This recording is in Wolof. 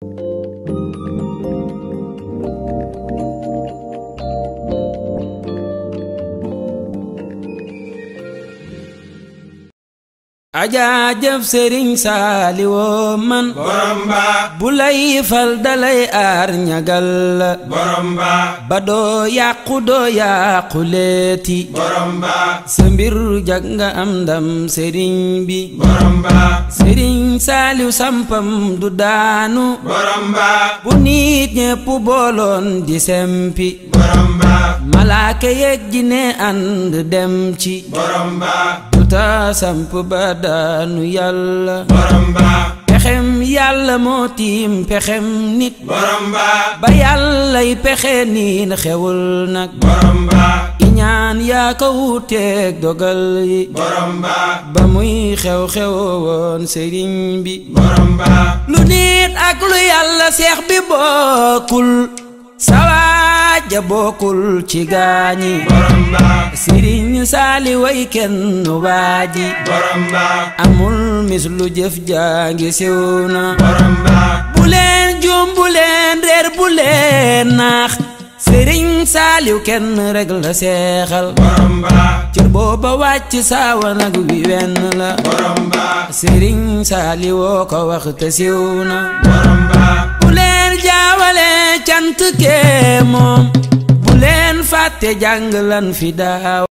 ajaa jëf sëriñ saaliwoo man bu lay fal dalay aar ñagal la borom ba ba yàqu doo yàqu leeti mbir jag nga am ndam sëriñ bi saaliw sampam du daanu borom ba bu nit ñépp booloon di sempi borom ba malaaka yeeg jinne ànd dem ci borom ba du ta samp ba daanu yàlla borom ba pexem yàlla moo tiim pexem nit borom ba ba yàllay pexe niin xewul nag ñaan yaa ko wuuteeg dogal yi borom ba ba muy xew-xew woon sëriñ bi borom ba lu nit ak lu yàlla seex bi bokkul sawaaja bokkul ci gaañi borom ba sëriñ saali way kenn waaji borom ba amul mis lu jëf jaa ngi siw na borom ba bu leen jum bu leen reer saaliw kenn rek la seexal borom booba wàcc saawa nag wi wenn la borom ba sëriñ saaliwoo ko wax bu leen jaawale cant kee bu leen fàtte jàng lan fi daaw